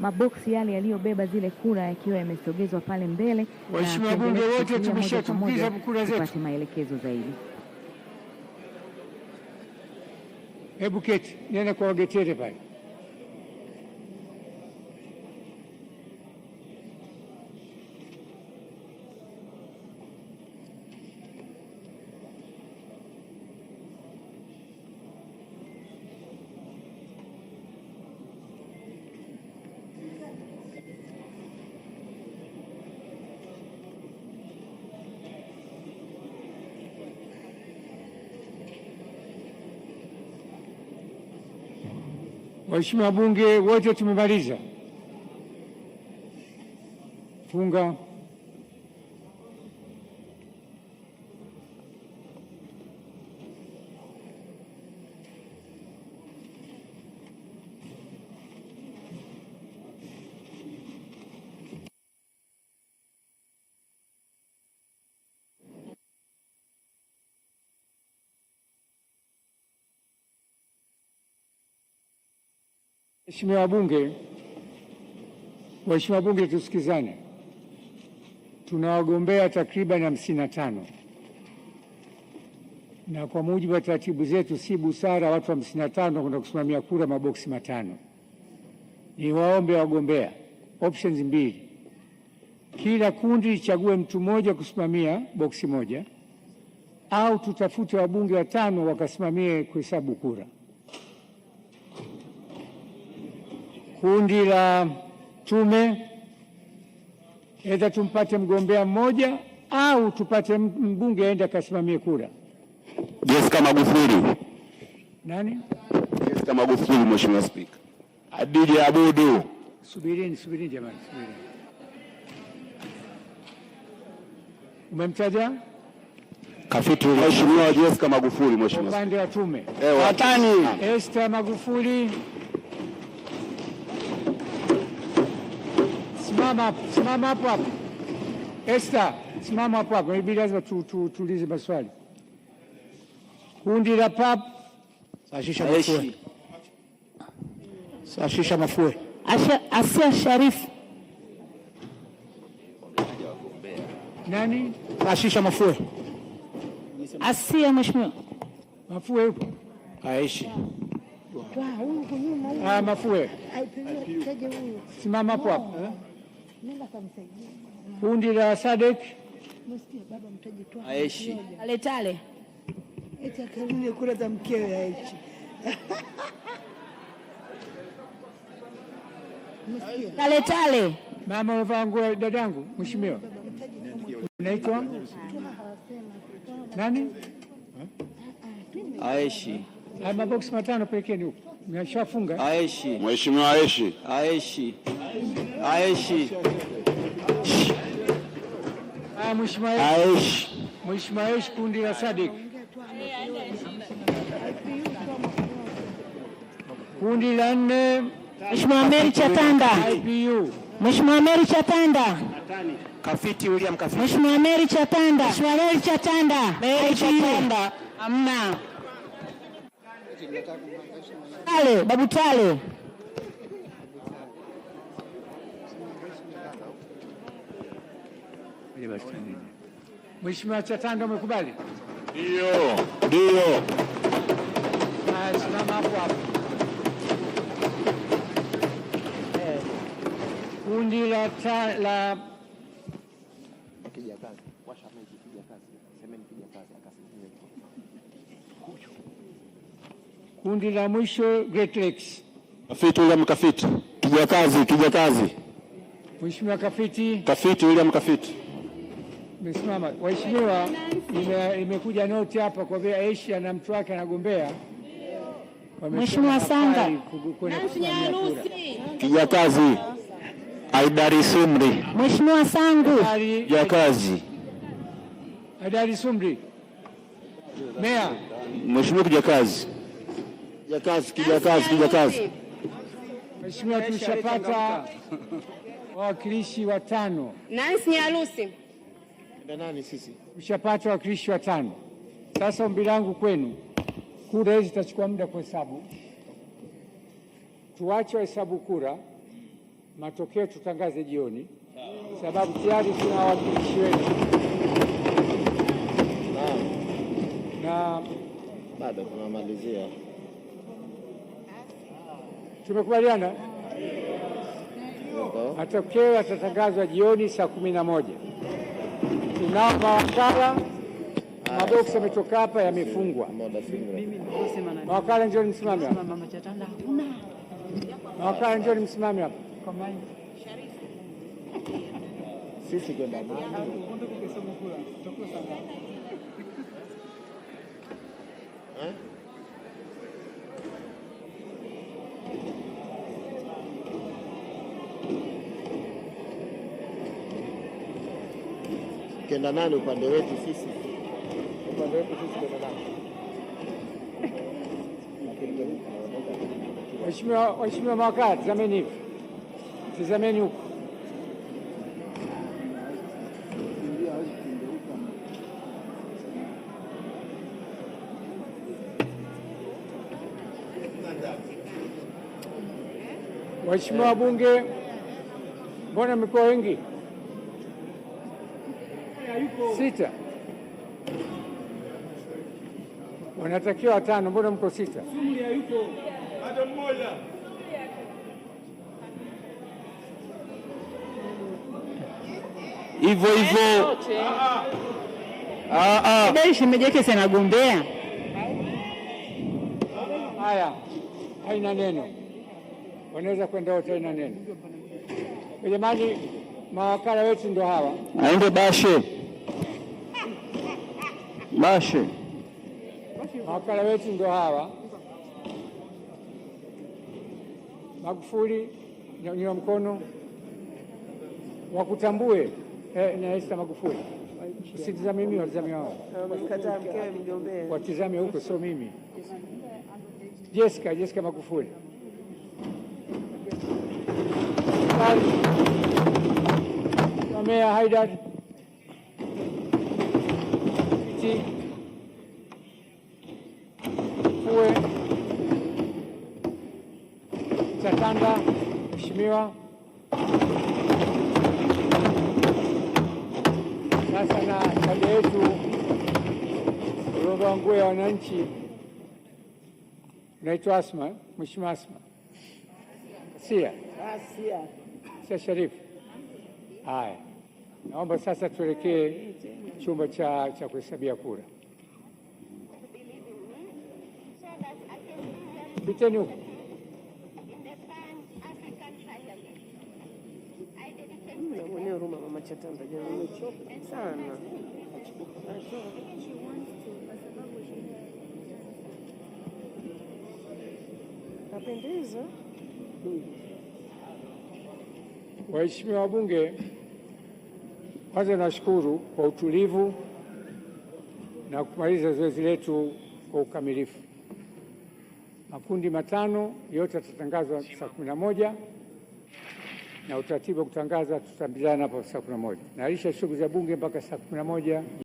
maboksi yale yaliyobeba zile kura yakiwa yamesogezwa pale mbele. Waheshimiwa wabunge wote, tumeshatumbukiza kura zetu, tupate maelekezo zaidi. Hebu keti, nenda kwa wagetere pale. Waheshimiwa wabunge wote tumemaliza funga. Mheshimiwa wabunge, Mheshimiwa wabunge, tusikizane. Tuna wagombea takriban hamsini na tano na kwa mujibu wa taratibu zetu si busara watu hamsini na tano kwenda kusimamia kura maboksi matano. Ni waombe wagombea options mbili, kila kundi lichague mtu mmoja kusimamia boksi moja, au tutafute wabunge watano wakasimamie kuhesabu kura. kundi la tume, aidha tumpate mgombea mmoja au tupate mbunge aende akasimamie kura. Jessica Magufuli. Nani? Jessica Magufuli, Mheshimiwa Spika. Adija Abudu. Subirini, subirini jamani, subirini. Umemtaja? Kafiti Mheshimiwa Jessica Magufuli, Mheshimiwa. Upande wa tume. Watani. Esther Magufuli. Simama hapo, simama hapo hapo. Esta, simama hapo hapo, hivi lazima tuulize maswali. Kundi la pap Sashisha Mafue, Sashisha Mafue, Asia Sharifu nani? Sashisha Mafue, Asia Mheshimiwa Mafue yupo aishi ah, Mafue, simama hapo hapo. Oh. Kundi la Sadek msikie Aishi. Aletale. Eti akarudi kura za mkewe Aishi. Tale tale. Mama wangu dadangu, mheshimiwa. Unaitwa nani? Aishi. Haya maboksi matano pelekeni huko. Nimeshafunga. Aishi. Mheshimiwa aishi. Aishi. Aishi. Ah, Mheshimiwa aishi. Mheshimiwa aishi kundi la Sadik. Kundi la nne. Mheshimiwa Mary Chatanda. IPU. Mheshimiwa Mary Chatanda. Kafiti William Kafiti. Mheshimiwa Mary Chatanda. Mheshimiwa Mary Chatanda. Mary Chatanda. Amna. Tale, Babu Tale. Mheshimiwa Chatanda umekubali? Ndio. Ndio. Ah, simama hapo hapo. Eh, kundi la la kazi. Washa kazi. Semeni kazi Kundi la mwisho Great Lakes. Kafiti William Kafiti. kazi, Kijakazi kazi. Mheshimiwa Kafiti. Kafiti William Kafiti. Mheshimiwa, Waheshimiwa, imekuja ime noti hapa kwa vile Asia na mtu wake anagombea. Mheshimiwa Sanga. kazi. Aidari Sumri. Mheshimiwa Sangu. kazi. Aidari Sumri. Meya. Mheshimiwa Kijakazi. Kijakazi, Kijakazi, Kijakazi. Mheshimiwa, tulishapata wawakilishi watano. Nancy Nyarusi. Na nani sisi? Tulishapata wawakilishi watano. Sasa ombi langu kwenu, kura hizi zitachukua muda kuhesabu, tuache wahesabu kura, matokeo tutangaze jioni, sababu tayari tuna wawakilishi wetu na bado tunamalizia Tumekubaliana, matokeo yatatangazwa jioni saa kumi na moja. Tunao mawakala, maboksi yametoka hapa, yamefungwa. Mawakala njoni msimame hapa, mawakala njoni msimame hapa. kenda nane upande wetu sisi, upande wetu sisi kenda nane. Mheshimiwa, Mheshimiwa Maka, tazameni hivi, tazameni huko. Waheshimiwa wabunge, mbona mko wengi? sita, wanatakiwa watano, mbona mko sita? Hivyo hivyo ah, ah. ah, shemeji sanagombea. Haya, haina neno, wanaweza kwenda wote, haina neno. Jamani, mawakala wetu ndo hawa, aende Bashe mashe Mawakala wetu ndio hawa. Magufuli nyanyua mkono wakutambue. Eh, na Magufuli usitizame mimi, watizame wao, watizame huko, sio mimi. Jessica, Jessica Magufuli Meya Haidar mwenyekiti fue Chatanda, mheshimiwa sasa na tabia yetu roba nguo ya wananchi unaitwa Asma, mheshimiwa Asma Sia ah, Sia Sharifu. Haya. Naomba sasa tuelekee chumba cha, cha kuhesabia kura. Piteni huko. Waheshimiwa wabunge kwanza nashukuru kwa utulivu na kumaliza zoezi letu kwa ukamilifu. Makundi matano yote yatatangazwa saa kumi na moja na utaratibu wa kutangaza tutaambilana hapo saa kumi na moja. Naahirisha shughuli za bunge mpaka saa kumi na moja.